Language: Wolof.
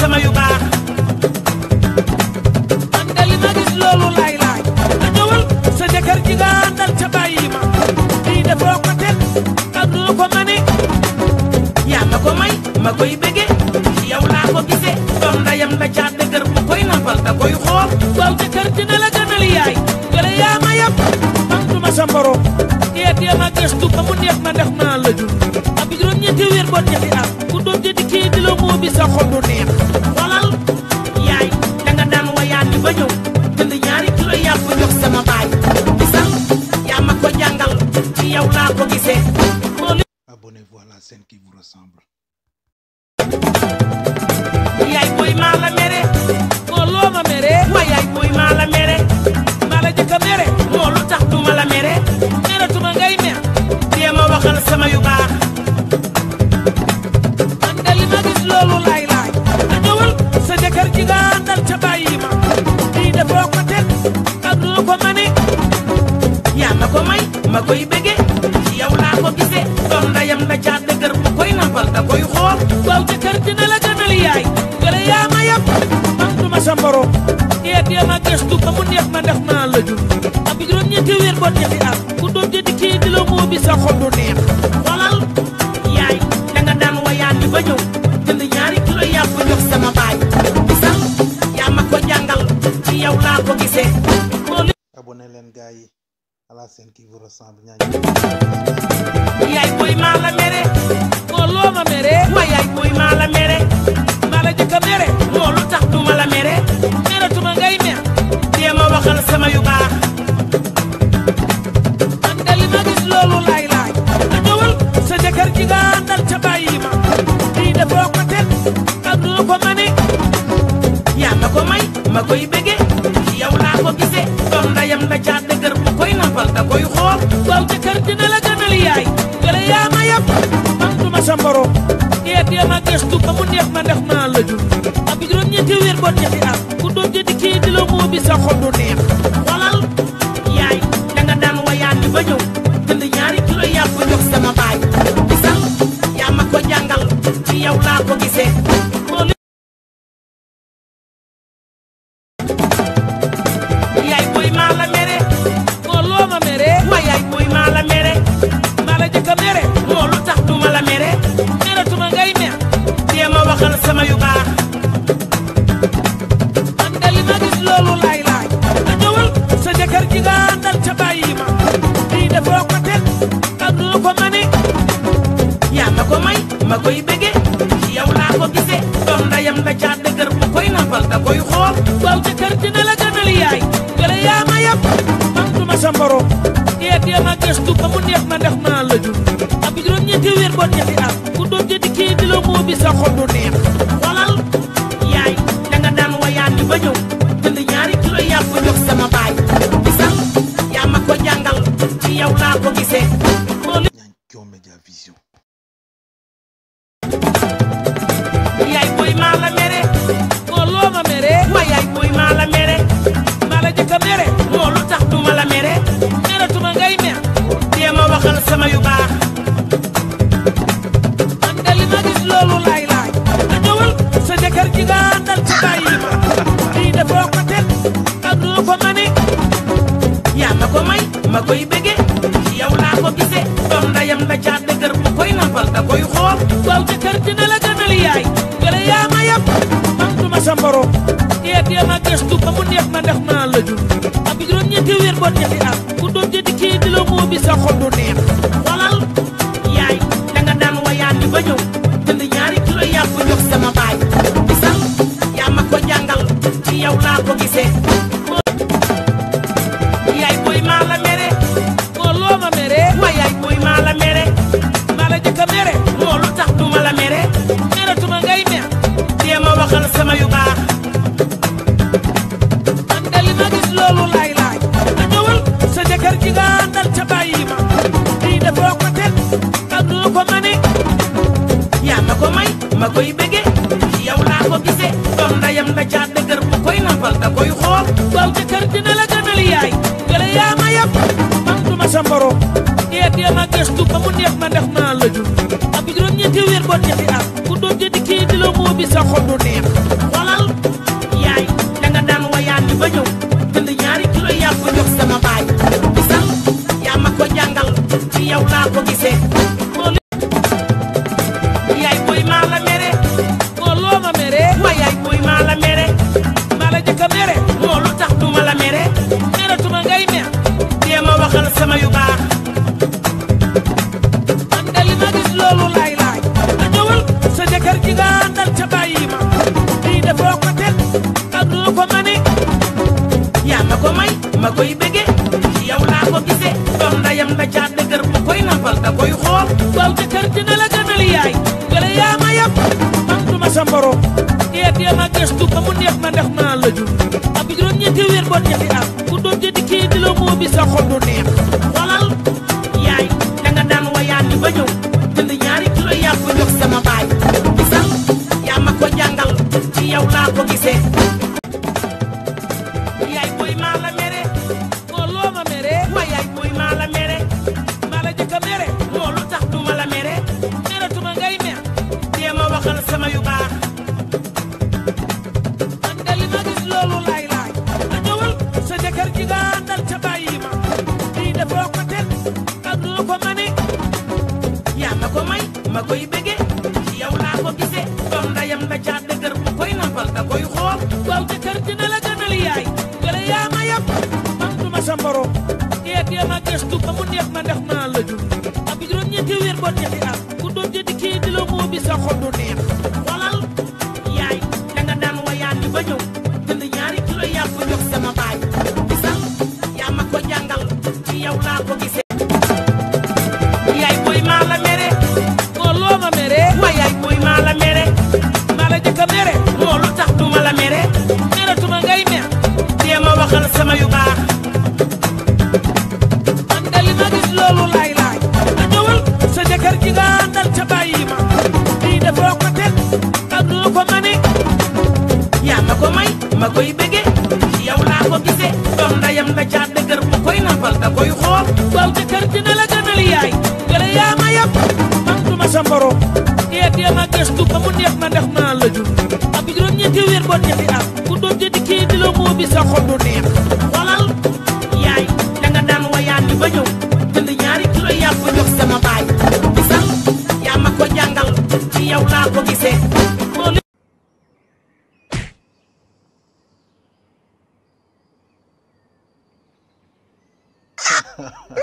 sama yu baax man de li ma gis loolu laay laaj ma ñëwal sa jëkkër ji nga àndal ca bàyyi ma lii defoo ko tel ak lu ko mane yaa ma ko may ma koy bége yow laa ko gisee doom ndayam la caa dëgër bu koy nampal da koy xool waaw jëkkër ji na la gënal yaay wala yaa ma yab man du sa morom dee dee ma gëstu ba mu neex ma ndax maa la ab juróom-ñetti weer bon ñetti at ku doon jëndi kii di la moo bi sa xol neex en yaay booy maa mere moo loo mere ma yaay booy maa mere maa la a mere moo lu tax duma la mere meratuma ngay mer dee ma waxal sama yu baax man de li ma gis loolu laay laaj a sa jëkkër ji nga àndal ca bàyyi ma lii defoo ko teg ak lu ko mane yaa ma ko may ma koy bëgge yow laa ko gisee doom ndayam la caa dëgër bu koy nampal da koy xool waaw jëkkër dina la gënal yaay gële yaa ma yab man ma sa morom dee dee ma gëstu ba mu neex ma def naa la jur ab juróom-ñetti weer boo ñetti at ku doon di la bi sa xol neex yaay da nga daan ba jënd ñaari kilo jox sama baay gisal ma ko jàngal ci yow laa ko abonné ala sen ki vous ressemble ñañu yaay boy mala la mere looloo ma mere ma yaay boy mala mere mala la jëkk a mere loolu tax du ma la mere meratuma ngay mer dee ma waxal sama yu baax man de li ma gis loolu laay laaj a ñëwal ma lii defoo ko ten ak du ko mane yaa ma ko may ma koy bëgge yow laa koy xool waaw jëkkër dina la gënal yaay wala yaa ma yab man du ma sa morom dee dee ma gëstu ba mu neex ma ndax maa la jur ak juróom-ñeenti weer sa morom dia dee ma gëstu ba mu neex ma ndax maa la jur ak juróom ñetti weer boo ñetti di la moo bi sa xol kilo sama baay bisa ya ma ko jàngal ci yow ma koy bëgge yow laa ko gise doom ndayam la caa dëgër bu koy nampal da koy xool waaw ca kër dina la gënal yaay gële yaa ma yab man du ma sa mborom tee a ma gëstu ba mu neex ma ndax maa la a ab ñetti weer boo ñetti at ku doon jëndi kii di sa xol du neex àndal ca bàyyi ma lii dafoo ko teg ak lu ko mane yaa ma ko may ma koy bëgge ci yow laa ko gise doom ndayam da caa dëgër bu koy nampal da koy xool waaw jëkkër dina la gënal yaay gële yaa ma yab man du ma sa mborom dee dee ma gëstu ba mu neex ma def naa la jur ak juróom-ñetti weer bon ñetti at ku doon jëndi kii di la moo bi sa xol neex yaay booy maa la mere moo loo ma mere ma yaay booy maa la mere maa la jëkk a mere moo lu tax du ma la mere meratuma ngay mer dee ma waxal sama yu baax man de li ma gis loolu laay laaj a ñëwal sa jëkkër ji ca bàyyi ma lii defoo ko tel ak loo ko mane yaa ma ko may ma koy bëgge yow laa ko gisee doom ndayam la jàdd da koy xool waaw jëkkër dina la gënal yaay wala yaa ma yab man du ma sa mboro dee dee ma gëstu ba mu neex ma ndax maa la jur ab juróom ñetti weer boo ñetti am ku doon jëndi kii di la moo bi sa neex ko mane yaa ma ko may ma koy bëgge ci yow laa ko gise doom ndayam la caa dëgër mu koy nampal da koy xool waaw jëkkër dina la gënal yaay wala yaa ma yab man ma sa morom dee dee ma gëstu ba mu neex ma ndax maa la a ab juróom ñetti weer boo ñetti at ku doon jënd di la moo bi sa u neex sa morom e dema gestu ba mu neex na ndax na la ju ak juroom ñetti wër bo ñetti am ku di la mo bi sa xol kilo sama baay bisal ya ma ko jàngal ci yow Ha ha ha.